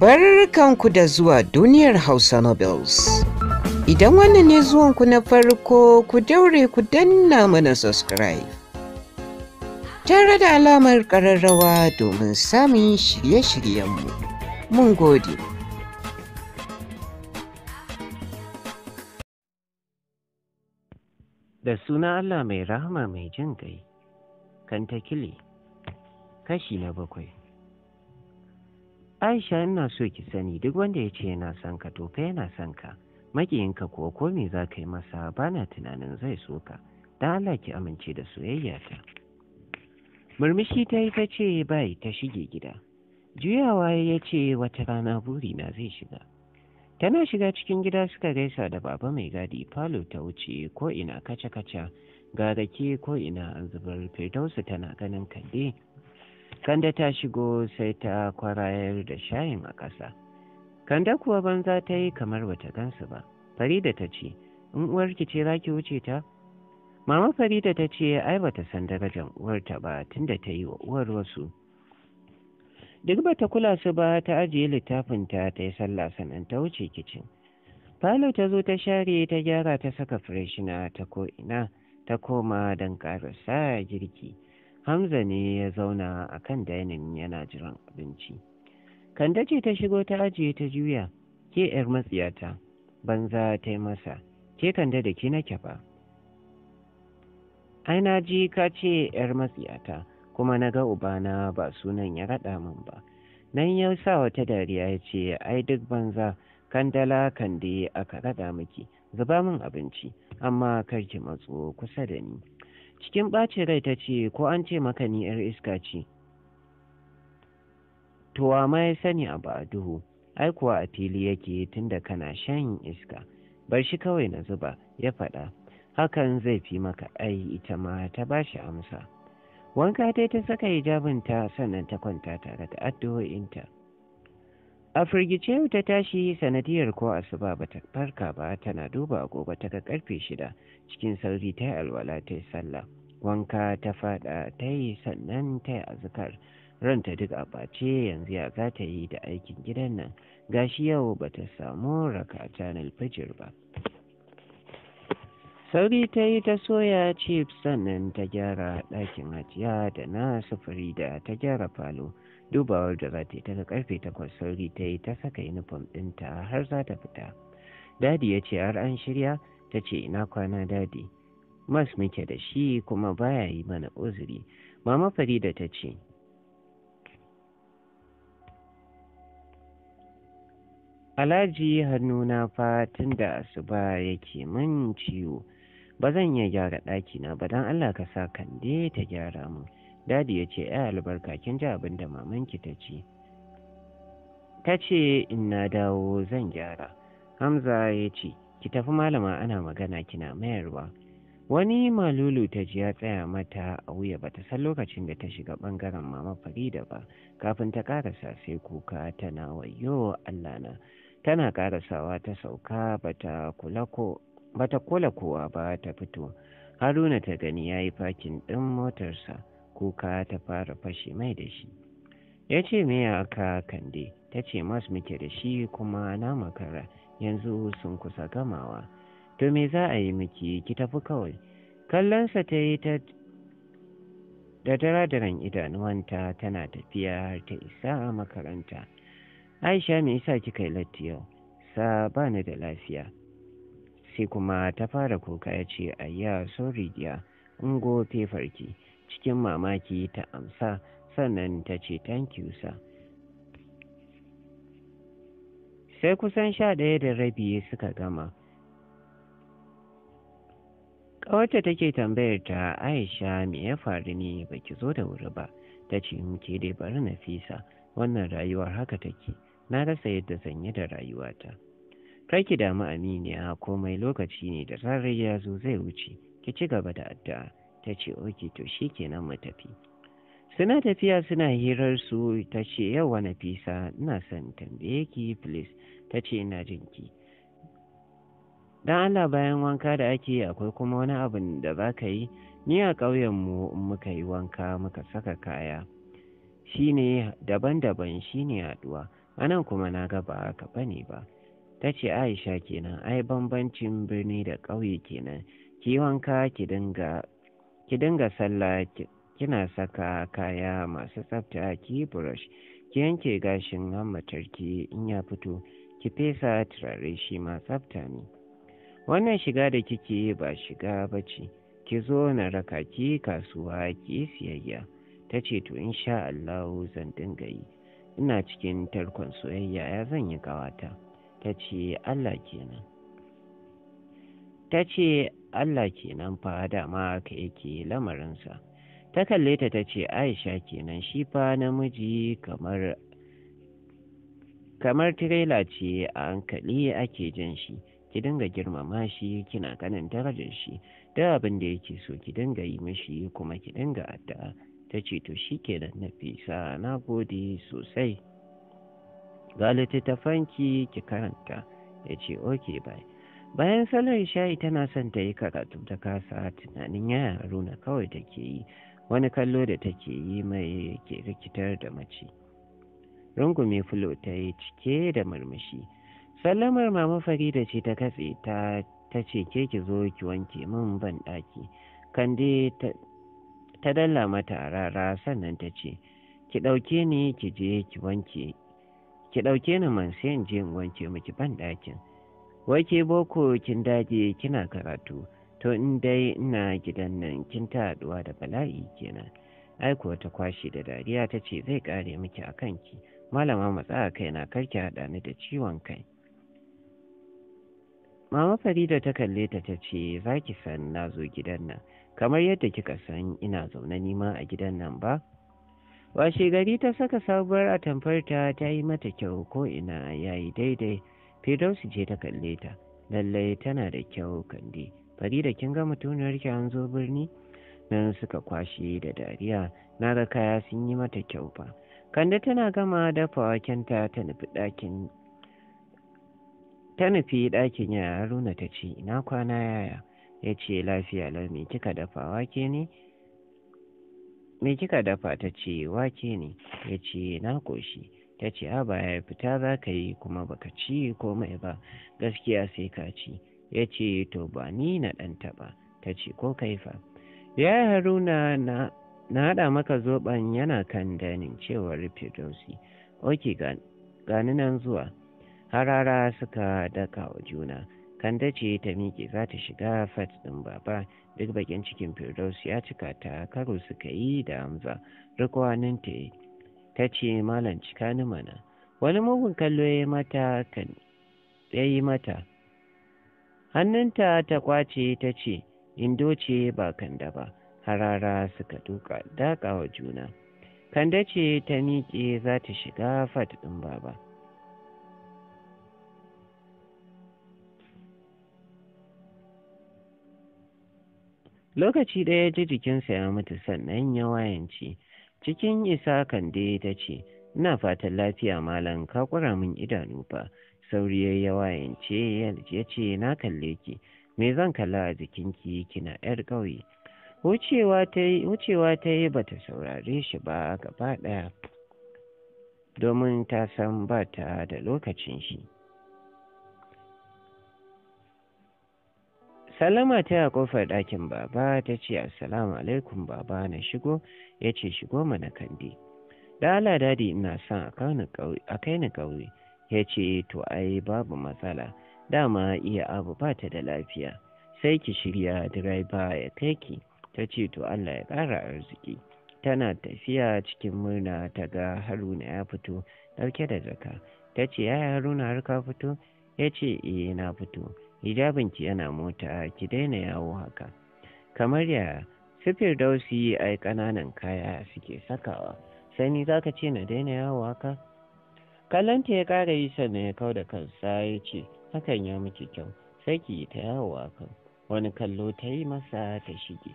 Barkanku da zuwa duniyar Hausa Nobles. Idan wannan ne zuwanku na farko ku daure ku danna mana subscribe. Tare da alamar ƙararrawa domin samun shirye-shiryenmu. Mun gode. Da suna Allah mai rahama mai jin kai, Kantakili, kashi na bakwai. Aisha ina so ki sani duk wanda ya ce yana son ka to fa yana son ka. Makiyinka kuwa ko me za ka yi masa bana tunanin zai so ka. Dan Allah ki amince da soyayya ta. Murmushi ta yi ta ce bai ta shige gida. Juyawa ya ce wata rana buri na zai shiga. Tana shiga cikin gida suka gaisa da baba mai gadi falo ta wuce ko ina kaca-kaca ga rake ko ina an zubar firdausu tana ganin kande kanda ta shigo sai ta kwarayar da shayin a ƙasa kanda kuwa banza ta yi kamar bata gansu ba farida ta ce in uwarki ce za ki wuce ta mama farida ta ce ai bata san darajar uwarta ba tunda ta yi wa uwar wasu duk bata kula su ba ta ajiye littafin ta ta yi sallah sannan ta wuce kicin falo ta zo ta share ta gyara ta saka fireshina ta ko'ina ta koma don ƙarasa girki Hamza ne ya zauna a kan dainin yana jiran abinci. Kanda ce ta shigo ta ajiye ta juya, ke ‘yar matsiyata, banza ta yi masa, ke kanda da ki nake ba. Ai na ji ka ce ‘yar matsiyata, kuma na ga ubana ba sunan ya raɗa min ba. Nan ya sa wata dariya ya ce, ai duk banza, kandala kande aka raɗa miki, zuba min abinci, amma kar ki matso kusa da ni. cikin ɓacin rai ta ce ko an ce maka ni ‘yar iska ce towa ma ya sani abu a duhu ai kuwa a fili yake tunda kana shan iska bar shi kawai na zuba ya faɗa hakan zai fi maka ai ita ma ta ba shi amsa wanka dai ta saka hijabinta sannan ta kwanta tare da addu'o'inta a firgice ta tashi sanadiyar ko asuba ba ta farka ba tana duba gobe ta ga karfe shida cikin sauri ta yi alwala ta yi sallah wanka ta fada ta yi sannan ta yi azukar ranta duk a bace yanzu ya za ta yi da aikin gidan nan gashi yau ba ta samu raka canar fijir ba sauri ta yi ta soya chips sannan ta gyara ɗakin hajiya da na sufuri da ta gyara falo dubawar da za ta daga karfe takwas sauri ta yi ta saka yunifom ɗinta har za ta fita dadi ya ce har an shirya ta ce ina kwana dadi mas muke da shi kuma baya yi mana uzuri mama farida ta ce alhaji hannuna fa fatin da asuba yake min ciwo ba zan iya gyara ɗakina ba don allah ka sa kande ta gyara mun dadi ya ce ya eh, albarka kin ji abin da mamanki ta ce ta ce in na dawo zan gyara hamza ya ce ki tafi malama ana magana kina mayarwa wani malulu ta ji ya tsaya mata a wuya bata san lokacin da ta shiga ɓangaren mama farida ba kafin ta karasa sai kuka tana wayo allah na tana karasawa ta sauka ta kula kola kowa ba ta fito haruna ta gani ya yi fakin ɗin motarsa kuka ta fara fashe mai da shi ya ce me aka kande ta ce mas muke da shi kuma na makara yanzu sun kusa gamawa to me za a yi miki ki tafi kawai kallonsa ta yi ta da daradaran idanuwanta tana tafiya ta isa makaranta aisha me yasa kika yi latti yau sa ba ni da lafiya sai kuma ta fara kuka ya ce ayya sorry dear ungo fefarki cikin mamaki ta amsa sannan ta ce thank you sa sai kusan sha ɗaya da rabi suka gama ƙawarta take tambayar ta aisha me ya faru ne baki zo da wuri ba ta ce muke mm, dai bari na fisa wannan rayuwar haka take na rasa yadda zan yi da rayuwata ki damu aminiya komai lokaci ne da zarar ya zo zai wuce ki ci gaba da addu'a ta ce oke to shi kenan mu tafi suna tafiya suna hirar su ta ce yawa na fisa ina son tambaye ki please ta ce ina jin ki dan Allah bayan wanka da ake yi akwai kuma wani abu da za ka yi ni a ƙauyenmu muka yi wanka muka saka kaya shine daban-daban shine haɗuwa anan kuma na ga ba haka bane ba ta ce aisha kenan ai bambancin birni da ƙauye kenan ki wanka ki dinga ki dinga sallah kina saka kaya masu tsafta ki brush ki yanke gashin hammatarki in ya fito ki fesa turare shi ma tsafta ne wannan shiga da kike ba shiga ba ce ki zo na raka ki kasuwa ki siyayya ta ce to sha Allah zan dinga yi ina cikin tarkon soyayya ya zan yi ƙawata? ta ce Allah kenan ta ce Allah kenan fa dama ka yake lamarinsa ta kalle ta ta ce aisha kenan shi fa namiji kamar kamar tirela ce a hankali ake jin shi ki dinga girmama shi kina ganin darajar shi da abin da yake so ki dinga yi mishi kuma ki dinga addu'a ta ce to shi kenan na fisa na gode sosai ga littattafanki ki karanta ya ce okay bayan sallar shayi tana son ta yi karatu ta kasa tunanin yaya haruna kawai take yi wani kallo da take yi mai ke rikitar da mace rungume fulo ta yi cike da murmushi sallamar mama farida ce ta katse ta ta ce ke ki zo ki wanke min ban kan kande ta dalla mata rara sannan ta ce ki ɗauke ni ki je ki wanke ki dauke ni man sai in je in wanke miki ban dakin wake boko kin dage kina karatu to in dai ina gidan nan kin ta haɗuwa da bala'i kenan aiko ta kwashe da dariya ta ce zai kare miki a kanki malama matsa a na karki haɗa ni da ciwon kai mama farida ta kalle ta ta ce za ki san na zo gidan nan kamar yadda kika san ina zaune nima a gidan nan ba washe gari ta saka sabuwar atamfarta ta yi mata kyau ko ina yayi daidai Firdausu ce ta kalle ta, lallai tana da kyau kande. Farida kin ga mutuniyar ki an zo birni? Nan suka kwashe da dariya, na ga kaya sun yi mata kyau fa. Kande tana gama dafawa kyanta ta nufi ɗakin ta nufi ɗakin yaya Haruna ta ce ina kwana yaya ya ce lafiya lau me kika dafa wake ne me kika dafa ta ce wake ne ya ce na ƙoshi. ta ce a baya fita za ka yi kuma baka ci komai ba gaskiya sai ka ci ya ce to ba ni na ɗan taɓa ta ce ko kaifa ya haruna na na haɗa maka zoben yana kan danin cewar dosi oke gani nan zuwa harara suka daka wa juna kanda ce ta miƙe za ta shiga fat ɗin baba duk bakin cikin firdaus ya cika ta karo suka yi da hamza rikwanin ta yi ta ce malam cika ni mana wani mugun kallo ya yi mata kan ya yi mata hannunta ta kwace ta ce indo ce ba kanda ba harara suka duka wa juna kanda ce ta miƙe za ta shiga fat ɗin baba lokaci ɗaya ji jikinsa ya mutu sannan ya wayance cikin isa kande ta ce ina fatan lafiya malam ka kura min idanu ba" sauri ya yi yance ya ce na kalle ki me zan kalla a jikinki kina yar ƙauye wucewa ta yi bata saurare shi ba gaba ɗaya domin ta san ba ta da lokacin shi salama ta ya kofar ɗakin baba ta ce assalamu alaikum baba na shigo ya ce shigo mana Kande. da ala dadi ina son a kai ni ƙauye ya ce eh, to ai babu matsala dama iya abu ba ta da lafiya sai ki shirya direba ya kai ki ta ce to allah ya ƙara arziki tana tafiya cikin murna ta ga haruna ya fito ɗauke da jaka ta ce ya haruna har ka fito ya ce eh na fito hijabinki yana mota ki daina yawo haka kamar ya su firdausi ai ƙananan kaya suke sakawa Sani ni zaka ce na daina yawo haka kallonta ya kara yi sannan ya kau da kansa ya ce hakan ya miki kyau sai ki yi ta yawo haka wani kallo ta yi masa ta shige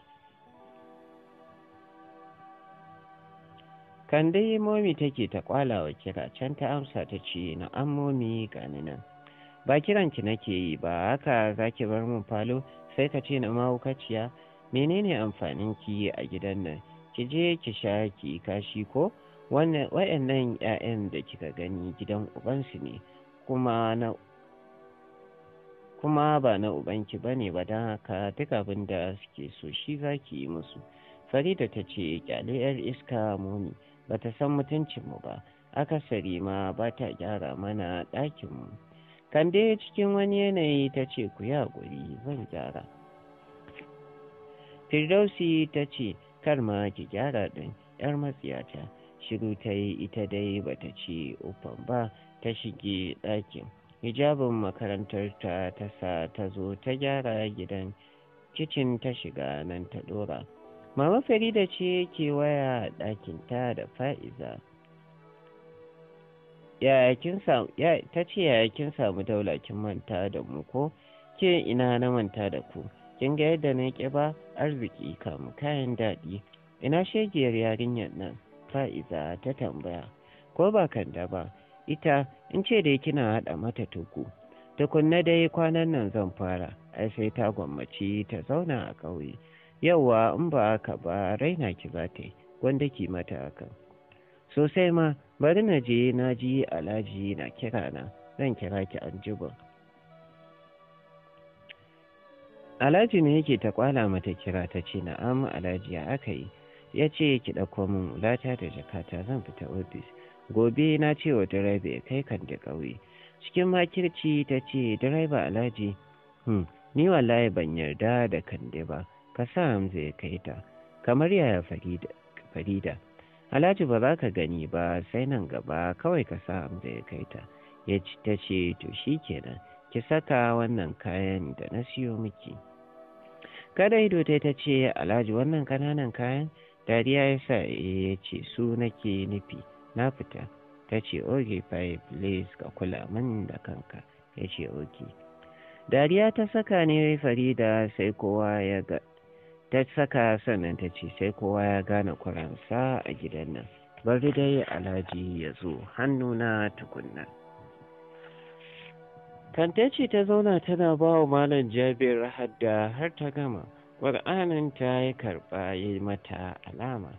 kan dai momi take ta kwalawa kira can ta amsa ta ce na an momi gani nan ba kiranki nake yi ba haka zaki bar mun falo sai ka ce na mahaukaciya menene amfanin ki a gidan nan ki je ki sha ki kashi ko wannan wayannan 'ya'yan da kika gani gidan ubansu ne kuma na kuma ba na ubanki bane ba don haka duk abin da suke so shi za ki yi musu farida ta ce kyale yar iska muni ba ta san mu ba akasari ma ba ta gyara mana ɗakin ɗakinmu kande cikin wani yanayi ta ce ku yi haƙuri zan gyara firdausi ta ce kar ma ki gyara ɗin yar matsiyata shiru ta yi ita dai bata ce ufan ba ta shige ɗakin hijabin makarantar ta ta sa ta zo ta gyara gidan kicin ta shiga nan ta ɗora mama farida ce ke waya ta da fa'iza ta ce ya samu daulakin manta da mu ko ke ina na manta da ku kin ga yadda na ƙi ba arziki kam kayan daɗi ina shegiyar yarinyar nan fa'iza ta tambaya ko ba Kande ba ita in ce dai kina haɗa mata tuku tukunna dai kwanan nan zan fara ai sai ta gwammaci ta zauna a ƙauye yauwa in ba haka ba raina ki za ta yi gwanda ki mata haka sosai ma bari na je na ji alhaji na kira na zan kira ki anjima Alhaji ne yake ta kwala mata kira ta ce na'am Alhaji ya aka yi ya ce ki ɗauko min wulata da jakata zan fita ofis gobe na ce wa direba ya kai kan da ƙauye cikin makirci ta ce direba Alhaji hmm, ni wallahi ban yarda da kande ba ka sa Hamza ya kai ta kamar yaya Farida Alhaji ba za ka gani ba sai nan gaba kawai ka sa Hamza ya kai ta ya ce ta ce to kenan. ki saka wannan kayan da na siyo miki. kada ido ta ta ce alhaji wannan kananan kayan dariya ya sa eh, ya ce su nake nufi na fita ta ce oge fayi please ka kula min da kanka ya ce oge dariya ta saka ne farida sai kowa ya ga ta saka sannan ta ce sai kowa ya gane kuransa a gidan nan bari dai alhaji ya zo hannu na tukunna kanta ce ta zauna tana ba wa Malam Jabir hadda har ta gama, ƙur'anin ta ya karɓa ya yi mata alama.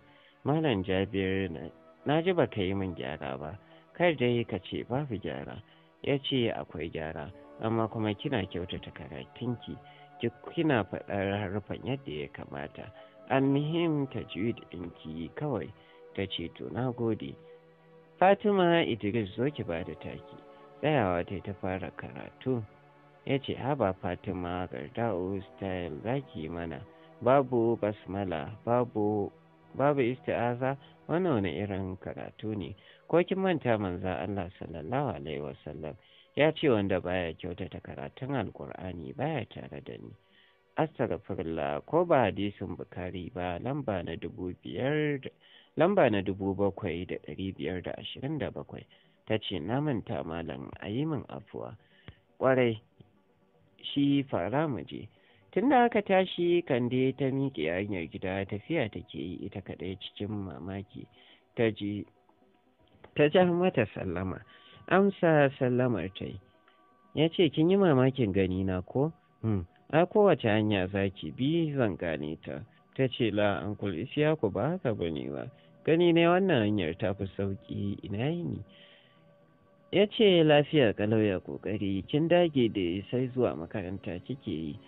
Malam Jabir na ji ba ka yi min gyara ba, kar dai ka ce babu gyara, ya ce akwai gyara, amma kuma kina kyautata karatunki, ki kina faɗar harufan yadda ya kamata. An Almihim da ɗinki kawai, ta ce to na gode. Fatima Idris zo ki ba da taki. tsayawa ta ta fara karatu ya ce haba fatima garda'u style zaki mana babu basmala babu babu isti'aza wani wani irin karatu ne ko kin manta manza Allah sallallahu alaihi wasallam ya ce wanda baya kyautata karatun alkur'ani baya tare da ni astaghfirullah ko ba hadisin bukari ba lamba na dubu biyar lamba na dubu bakwai da ɗari biyar da ashirin da bakwai ta ce na manta malam a yi min afuwa ƙwarai shi fara muje tun da aka tashi kande ta miƙe hanyar gida tafiya take yi ita kaɗai cikin mamaki ta ji ta ja mata sallama amsa sallamar ta yi ya ce kin yi mamakin gani na ko hmm, a kowace hanya za ki bi zan gane ta ta ce la ankul ku ba haka bane ba gani ne wannan hanyar ta fi sauƙi. ina ni? ya ce lafiya kalauya kokari kin dage da sai zuwa makaranta kike yi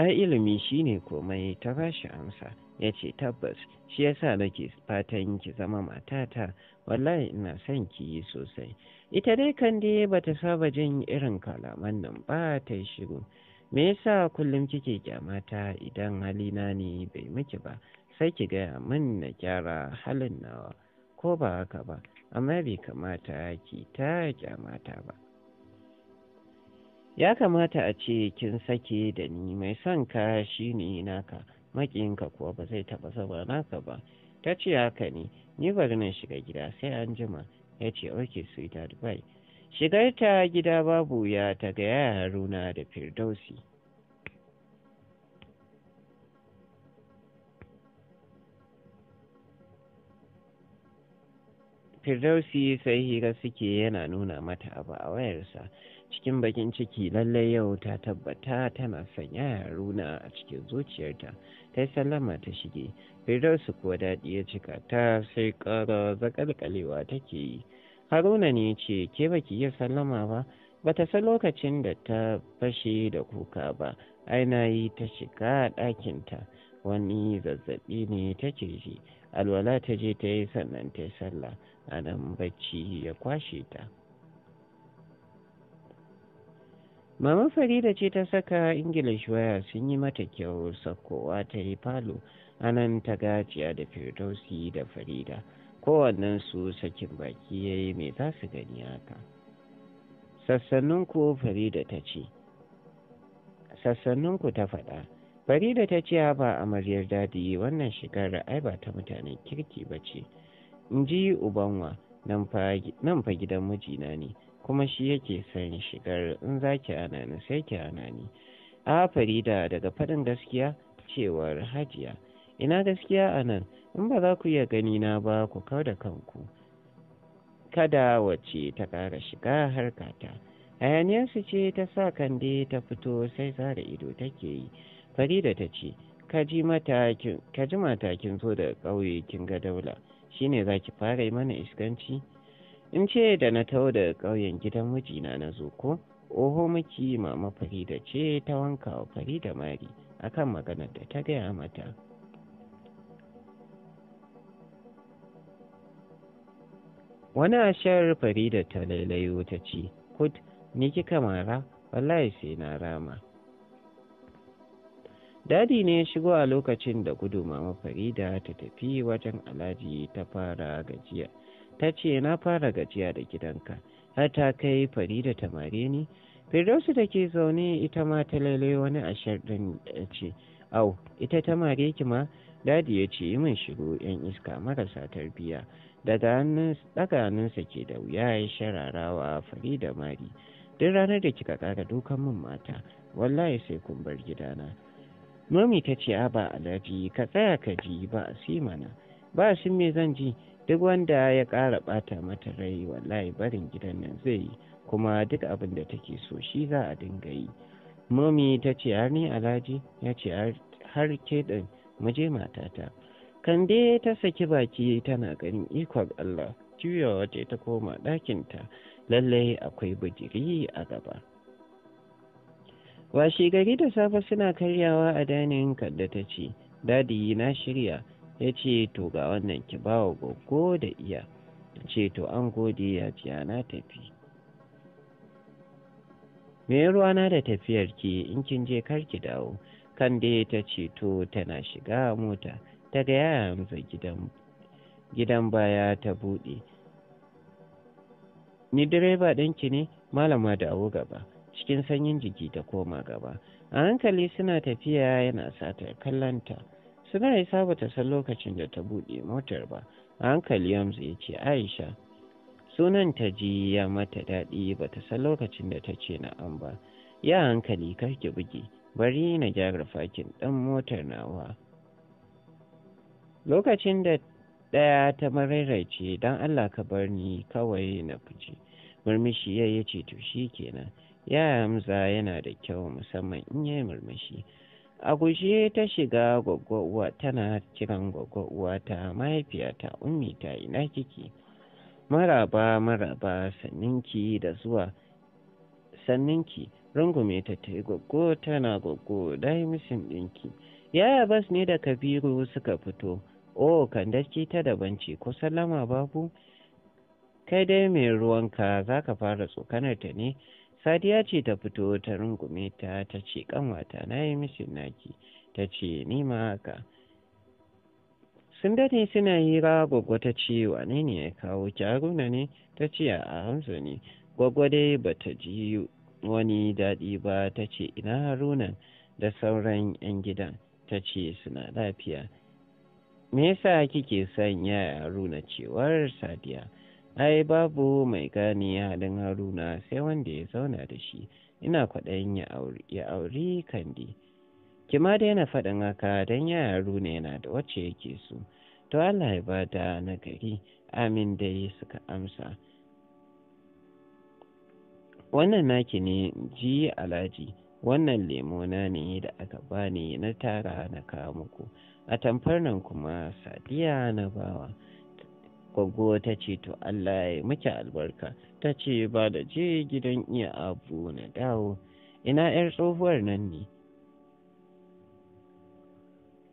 ai ilimi shine komai ta bashi amsa ya ce tabbas shi yasa nake fatan ki zama matata wallahi ina son ki yi sosai ita dai kande bata saba jin irin kalaman nan ba ta shigo me yasa kullum kike kyamata idan halina ne bai miki ba sai ki gaya min na gyara halin nawa ko ba haka ba amma bai kamata ki ta kyamata ba ya kamata a ce kin sake da ni mai son ka shi ne naka maƙinka kuwa ba zai taɓa zama naka ba ta ce haka ne ni bari na shiga gida sai an jima ya ce oke sweetheart bye shigar ta gida babu ya ta ga haruna da firdausi firdausi sai hira suke yana nuna mata abu a wayarsa cikin bakin ciki lallai yau ta tabbata tana sanya yaruna a cikin zuciyarta ta yi sallama ta shige firdausi kuwa daɗi ya cika ta sai ƙara zaƙalƙalewa take yi haruna ne ce ke baki iya sallama ba bata san lokacin da ta fashe da kuka ba aina yi ta shiga ɗakinta wani zazzaɓi ne take ji alwala ta je ta yi sannan ta yi sallah anan bacci ya kwashe ta Mama Farida ce ta saka Ingilish waya sun yi mata kyau sakowa ta yi falo anan ta gajiya da Firdausi da Farida kowannen su sakin baki ya yi mai za su gani haka. Sassanninku Farida ta ce, ta faɗa, Farida ta ce ba amaryar dadi wannan shigar ai ba ta mutanen kirki ba ce, in ji ubanwa nan fa gidan mijina ne kuma shi yake son shigar in za ki ana ni sai ki ana ni a farida daga faɗin gaskiya cewar hajiya ina gaskiya a nan in ba za ku iya gani na ba ku kau da kanku kada wace ta ƙara shiga harkata hayaniyarsu ce ta sa kande ta fito sai zara ido take yi farida ta ce ka ji matakin zo da ƙauye kin ga daula Shi ne za ki fara yi mana iskanci in ce da na taho da ƙauyen gidan mijina na zo ko oho miki mama farida ce ta wanka wa farida mari akan maganar da ta gaya mata wani ashar farida ta lailayo ta ce kud ni kika mara wallahi sai na rama dadi ne ya shigo a lokacin da gudu mama farida ta tafi wajen alhaji ta fara gajiya ta ce na fara gajiya da gidanka har ta kai farida ta mare ni firdausu da ke zaune ita ma ta lele wani ashar ɗin ce au ita ta mare ki ma dadi ya ce yi min shigo yan iska marasa tarbiya daga hannunsa ke da wuya ya shararawa fari da mari duk ranar da kika ƙara dukan min mata wallahi sai kun bar gidana Mami ta ce a alhaji ka tsaya ka ji ba a si mana ba shi me zan ji duk wanda ya ƙara ɓata mata rai wallahi barin gidan nan zai yi kuma duk abin da take so shi za a dinga yi. Mami ta ce har ni alhaji ya ce har ke ɗin muje matata. Kande ta saki baki tana ganin ikon Allah juyawa ta koma ɗakinta lallai akwai bijiri a gaba. washe gari da safe suna karyawa a dainin kadda ta ce dadi na shirya ya ce to ga wannan ki bawa gogo da iya ce to an gode ya ce na tafi me ruwana da tafiyar ki in kin je kar ki dawo kan dai ta ce to tana shiga mota ta ga ya gidan gidan baya ta buɗe ni direba ɗinki ne malama da awo gaba cikin sanyin jiki ta koma gaba a hankali suna tafiya yana satar kallanta suna isa ba ta san lokacin da ta buɗe motar ba a hankali yamsu ya ce aisha sunan ta ji ya mata daɗi ba ta san lokacin da ta ce na'am ba ya hankali karki ki buge bari na gyara fakin ɗan motar na nawa lokacin da ɗaya ta mararaice don allah ka bar ni kawai na fice murmushi ya ce to shi kenan ya hamza yana da kyau musamman in ya murmushi a guje ta shiga gwaggwa uwa tana kiran gwaggwa uwa ta mahaifiyata ummi ta ina kiki maraba maraba sanninki da zuwa sanninki rungume ta ta gwaggo tana goggo dai musin ɗinki yaya bas ne da kabiru suka fito o oh, kandaki ta da ce ko sallama babu kai dai mai ruwanka za fara tsokanar ta ne sadiya ce ta fito ta rungume ta ta ce kanwata na yi mishin naki ta ce ni ma haka sun dade suna hira gwaggo ta ce wane ne ya kawo ki haruna ne ta ce a hamsa ne gwaggo dai ba ta ji wani daɗi ba ta ce ina haruna da sauran 'yan gidan ta ce suna lafiya me yasa kike son ya haruna cewar sadiya ai babu mai ya halin haruna sai wanda ya zauna da shi ina kwaɗayin ya auri kandi ki ma na faɗin haka don ya haruna yana da wacce yake so to allah ya ba da nagari amin dai suka amsa wannan naki ne ji alhaji wannan lemona ne da aka ba bani na tara na kawo muku a tamfar nan kuma sadiya na bawa Goggo ta ce to Allah ya miki albarka ta ce ba da je gidan iya abu na dawo ina 'yar tsohuwar nan ne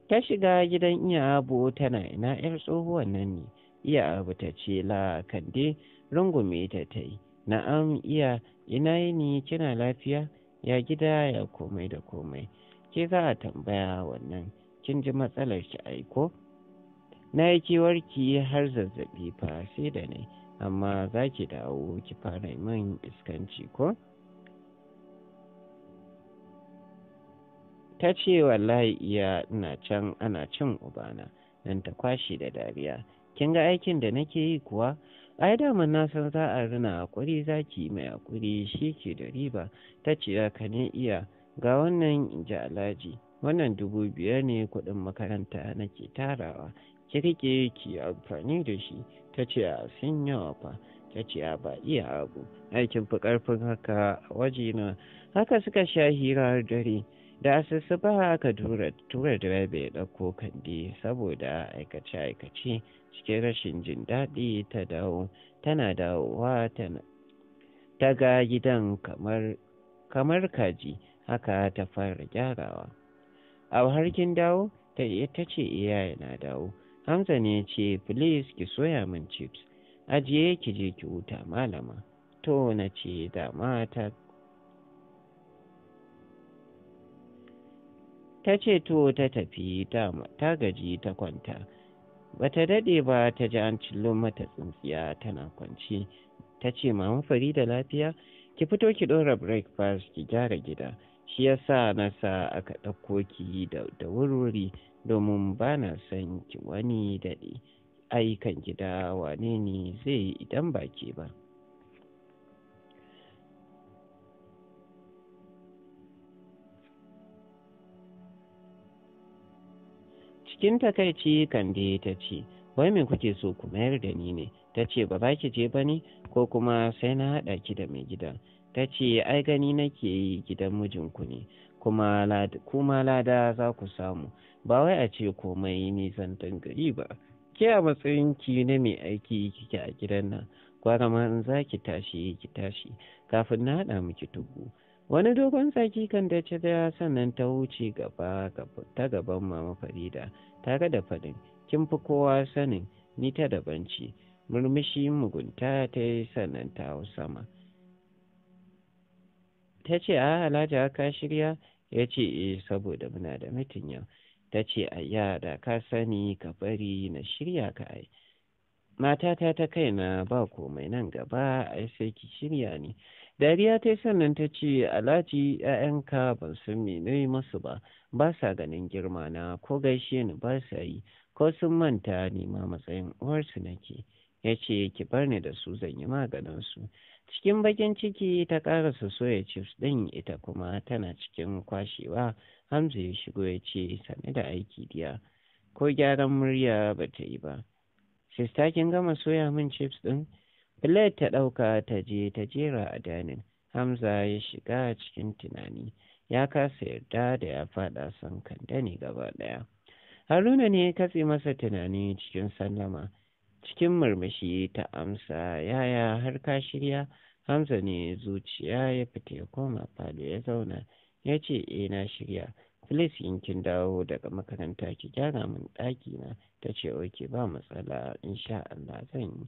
ta shiga gidan iya abu tana ina 'yar tsohuwar nan ne iya abu ta ce la kande rungume ta ta yi na'am iya ina yini kina lafiya ya gida ya komai da komai ke za a tambaya wannan kin ji matsalar ki aiko na yi kiwarki har zazzabi fa sai da ne amma za ki dawo ki fara min iskanci ko ta ce wallahi iya ina can ana cin ubana nan ta kwashi da dariya kin ga aikin da nake yi kuwa ai daman na san za a rina hakuri za ki mai hakuri shi ke da riba ta ce ka ne iya ga wannan in ji alhaji wannan dubu biyar ne kuɗin makaranta nake tarawa ki ki amfani da shi ta ce a ah, sun yawa fa ta ce a ah, ba iya abu aikin fi karfin haka a na, haka suka sha hira dare da asusu ba ka tura direba ya ɗauko kandi saboda aikace-aikace cikin rashin jin daɗi ta dawo tana dawowa ta ga gidan kamar kaji haka ta fara gyarawa a harkin dawo ta ce iya eh, yana dawo Hamza ne ce, Please ki soya min chips, ajiye ki je ki wuta malama. To na ce "Da ta ta ce to ta tafi ta gaji ta kwanta ba ta daɗe ba ta ji an cillo mata tsintsiya tana kwanci ta ce mama da lafiya ki fito ki ɗora breakfast ki gyara gida shi ya sa na sa aka ɗauko ki da wurwuri domin ba na son ki wani daɗi aikan gida wane ne zai idan ba ke ba cikin takaici kande ta ce wai me kuke so ku mayar da ni ne ta ce ba ki je ba ne ko kuma sai na haɗa ki da mai gidan ta ce ai gani nake yi gidan mijinku ne kuma lada za ku samu ba wai a ce komai nisan gari ba ke a matsayinki na mai aiki kike a gidan nan gwara ma in za ki tashi ki tashi kafin na haɗa miki tugu wani dogon tsaki kan da ce da sannan ta wuce gaba ta gaban mama farida tare da faɗin kin fi kowa sanin ni ta daban ce murmushi mugunta ta yi sannan ta hau sama ta ce a alhaji ka shirya ya ce eh saboda muna da mitin yau ta ce a yada ka sani ka bari na shirya ka ai matata ta kaina ba komai nan gaba ai sai ki shirya ne. dariya ta yi sannan ta ce alhaji 'ya'yanka ban san mene masu ba ba sa ganin girma na ko gaishe ni ba sa yi ko sun manta ni matsayin uwarsu nake ya ce ki bar ni da su zan yi maganin su cikin bakin ciki ta karasa soya chips ɗin ita kuma tana cikin kwashewa hamza ya shigo ya ce sani da aiki diya ko gyaran murya ba ta yi ba sista kin gama soya min chips ɗin plate ta ɗauka ta je ta jera a danin hamza ya shiga cikin tunani ya kasa yarda da ya faɗa son kanda ne gaba ɗaya haruna ne ya katse masa tunani cikin sallama cikin murmushi ta amsa yaya har ka shirya hamza ne zuciya ya fita ya koma falo ya zauna ya ce eh na shirya Filis in kin dawo daga makaranta ki gyara min ɗaki na ta ce oke ba matsala insha Allah zan yi.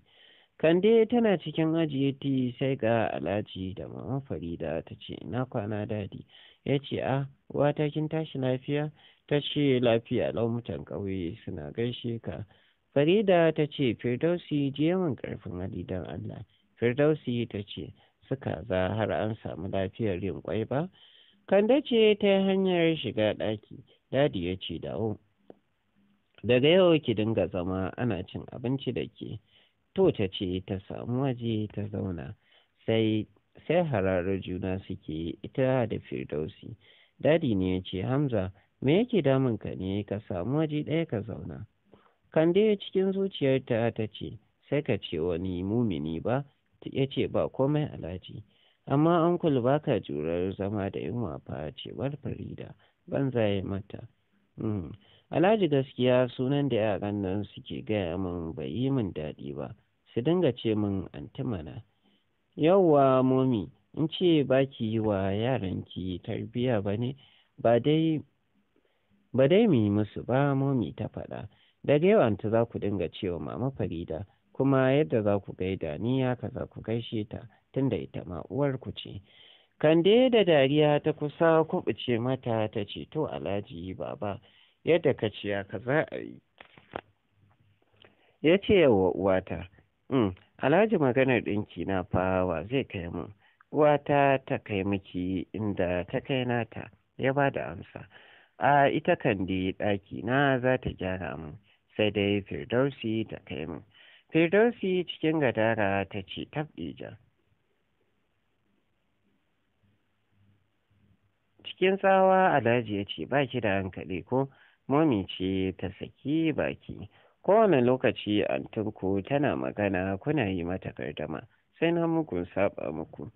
Kande tana cikin ajiye sai ga Alhaji da Mama Farida ta ce ina kwana dadi ya ce a ah, wata kin tashi lafiya ta ce lafiya lau mutan ƙauye suna gaishe ka Farida ta ce, Firdausi je min ƙarfin hali don Allah. Firdausi ta ce, suka za har an samu lafiyar yin ƙwai ba? Kande ce ta hanyar shiga ɗaki, dadi ya ce dawo. Daga yau ki dinga zama ana cin abinci da ke. To ta ce ta samu waje ta zauna, sai sai hararar juna suke ita da Firdausi. Dadi ne ya ce, Hamza, me yake damun ka ne ka samu waje ɗaya ka zauna? Kande cikin zuciyarta ta ce, sai ka ce wani mumini ba, ya ce ba komai alhaji. Amma ankul ba ka jurar zama da yunwa fa cewar Farida, ban zaye mata. Hmm. Alhaji gaskiya sunan da yaran nan suke gaya min bai yi min daɗi ba, su dinga ce min antimana. wa, momi, in ce ba ki yi wa yaranki tarbiyya ba ne, ba dai mu yi musu ba momi ta faɗa. da yawanta za ku dinga cewa mama farida kuma yadda za ku gaida ni ya kaza ku gaishe ta tunda ita ma ku ce kande da dariya ta kusa kubuce mata ta ce to alhaji baba yadda ka ce ya kaza a yi ya ce wa uwata mm, alhaji maganar ɗinki na fawa zai kai mu." uwata ta kai miki inda ta kai nata ya ba da amsa a ita kan dai ɗaki na za ta gyara mun sai dai firdausi ta kai mu firdausi cikin gadara ta ce tabbija cikin tsawa alhaji ya ce ba ki da hankali ko momi ce ta saki baki kowane lokaci antinku tana magana kuna yi mata gardama sai na muku saba muku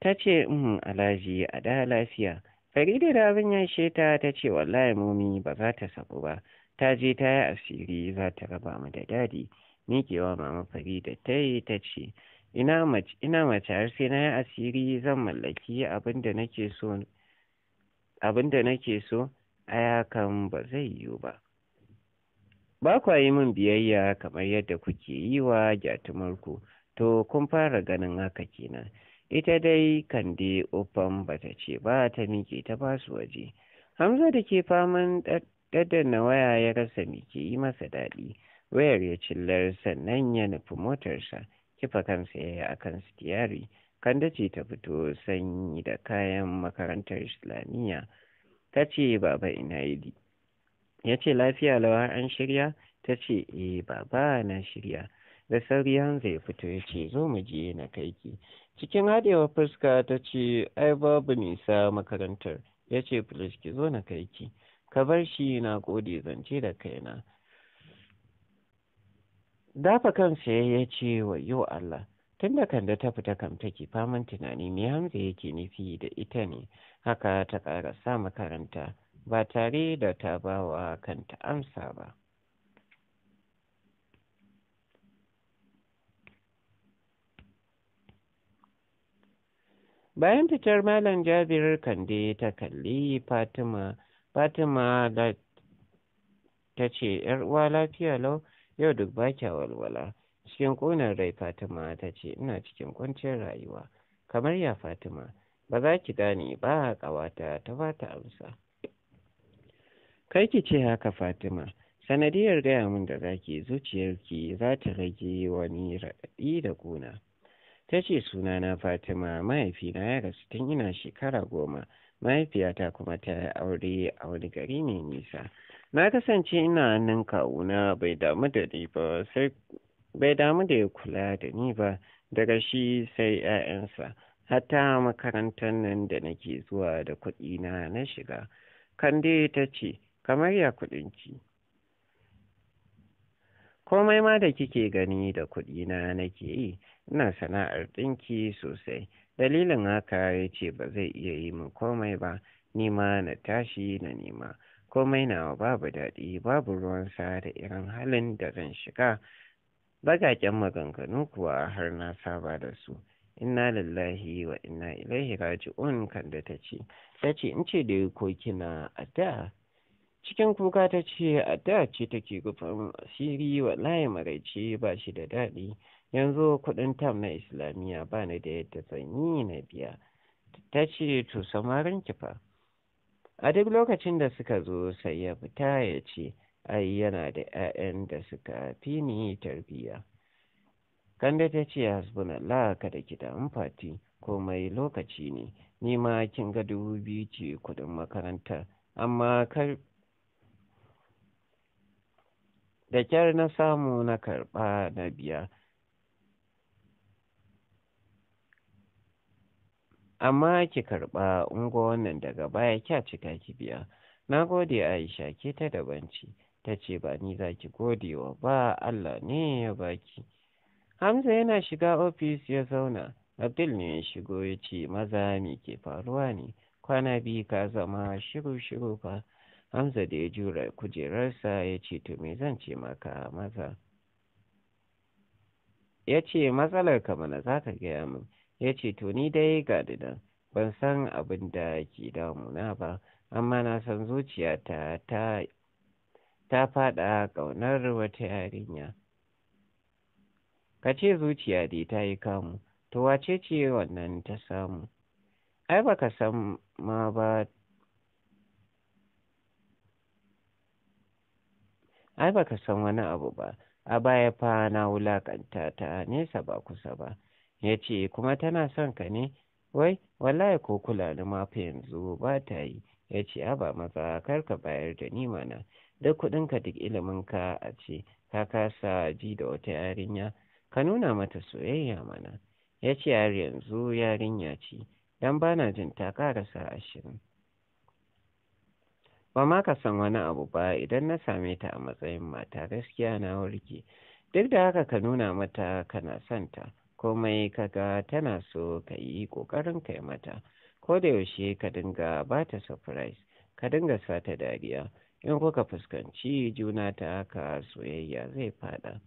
ta ce mm, alhaji a da lafiya farida da abin ya ishe ta ta ce wallahi mumi ba za ta sabu ba ta je ta yi asiri za ta raba mu da dadi miƙewa mama farida ta yi ta ce ina mace har sai na yi asiri zan mallaki abin da nake so abin da so ba zai yiwu ba ba kwa yi min biyayya kamar yadda kuke yi wa gyatumarku to kun fara ganin haka kenan ita dai kande ba bata ce ba ta miƙe ta ba su waje hamza da ke faman daddana waya ya rasa miƙe yi masa daɗi wayar ya cillar sannan ya nufi motarsa kifa kansa ya yi akan sitiyari Kande ce ta fito sanyi da kayan makarantar islamiyya ta ce baba ina yi ya ce lafiya lawa an shirya ta ce eh baba na shirya da sauri hanza ya fito ya ce zo mu je na kai cikin haɗewa fuska ta ce ai babu nisa makarantar ya ce fulish ki zo na kai ki ka bar shi na gode zance da kaina dafa kansa ya ce wa yo Allah tun da kanda ta fita kam take faman tunani mai hamza yake nufi da ita ne haka ta ƙara sa makaranta ba tare da ta bawa kanta amsa ba bayan fitar malam jabirar kande ta kalli fatima fatima da ta ce yar uwa lafiya lau yau duk ba kya walwala cikin ƙunar rai fatima ta ce ina cikin kwanciyar rayuwa kamar ya fatima ba za ki gane ba ƙawata ta ba ta amsa kai ki ce haka fatima sanadiyar gaya min da zaki zuciyarki za ta rage wani raɗaɗi da ƙuna ta ce sunana fatima mahaifina ya rasu tun ina shekara goma mahaifiyata kuma ta yi aure a wani gari mai nisa na kasance ina nan kawuna bai damu da ni ba sai bai damu da ya kula da ni ba daga shi sai 'ya'yansa Hata makarantar nan da nake zuwa da kuɗina na shiga kande ta ce kamar ya kuɗinki komai ma da kike gani da na nake yi ina sana'ar ɗinki sosai dalilin haka ya ce ba zai iya yi min komai ba nima na tashi na nima komai na wa babu daɗi babu ruwansa da irin halin da zan shiga bagaƙen maganganu kuwa har na saba da su inna lillahi wa inna ilaihi raji'un kan da ta ce ta ce in ce da ko kina a da cikin kuka ta ce a da ce take gufan asiri wallahi maraice ba shi da daɗi yanzu kuɗin tam na islamiyya ba ni da yadda sanyi na biya ta ce to samarin kifa a duk lokacin da suka zo sai ya fita ya ce ai yana da 'ya'yan da suka fi ni tarbiyya kande ta ce hasbunallah kada ki da amfati komai lokaci ne nima ma kin ga dubu biyu ce kuɗin makaranta amma kar da kyar na samu na karɓa na biya amma ki karɓa ungo wannan daga baya kya cika ki biya na gode aisha ke ta dabanci ta ce ba ni za ki gode wa ba allah ne ya baki hamza yana shiga ofis ya zauna abdul ne ya shigo ya ce maza me ke faruwa ne kwana biyu ka zama shiru shiru fa Hamza da ya jura kujerarsa ya ce to me zan ce maka maza. Ya ce matsalar ka mana za ta gaya min. Ya ce to ni dai ga nan ban san abin da ke damuna ba amma na san zuciyata ta ta faɗa ƙaunar wata yarinya. Ka ce zuciya da ta yi kamu, to wace ce wannan ta samu? Ai baka san ma ba ai ka san wani abu ba a baya fa na wulakanta ta nesa ba kusa ba ya ce kuma tana son ka ne wai wallahi ko kula ni ma fa yanzu ba ta yi ya ce a ba maza kar ka bayar da ni mana duk ka duk iliminka a ce ka kasa ji da wata yarinya ka nuna mata soyayya mana ya ce har yanzu yarinya ce dan bana jin ta karasa ashirin ba ma ka san wani abu ba idan na same ta a matsayin mata gaskiya na warke duk da haka ka nuna mata kana son ta komai kaga tana so ka yi ƙoƙarin kai mata ko da yaushe ka dinga ba ta surprise ka dinga sa ta dariya in kuka fuskanci juna ta haka soyayya zai fada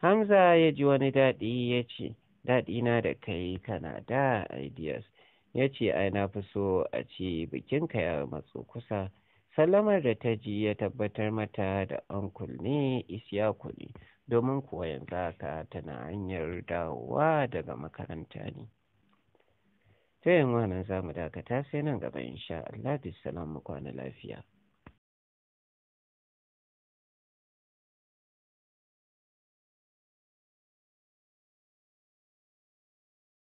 hamza ya ji wani daɗi ya ce daɗi na da kai kana da ideas ya ce ai na fi so a ce bikinka ya matso kusa Salamar da ta ji ya tabbatar mata da ankul ne isya ne, domin kuwa yanzu haka tana hanyar dawowa daga makaranta ne. Ta yin wannan za mu dakata sai nan gaba insha Allah, bisalam mu kwana lafiya.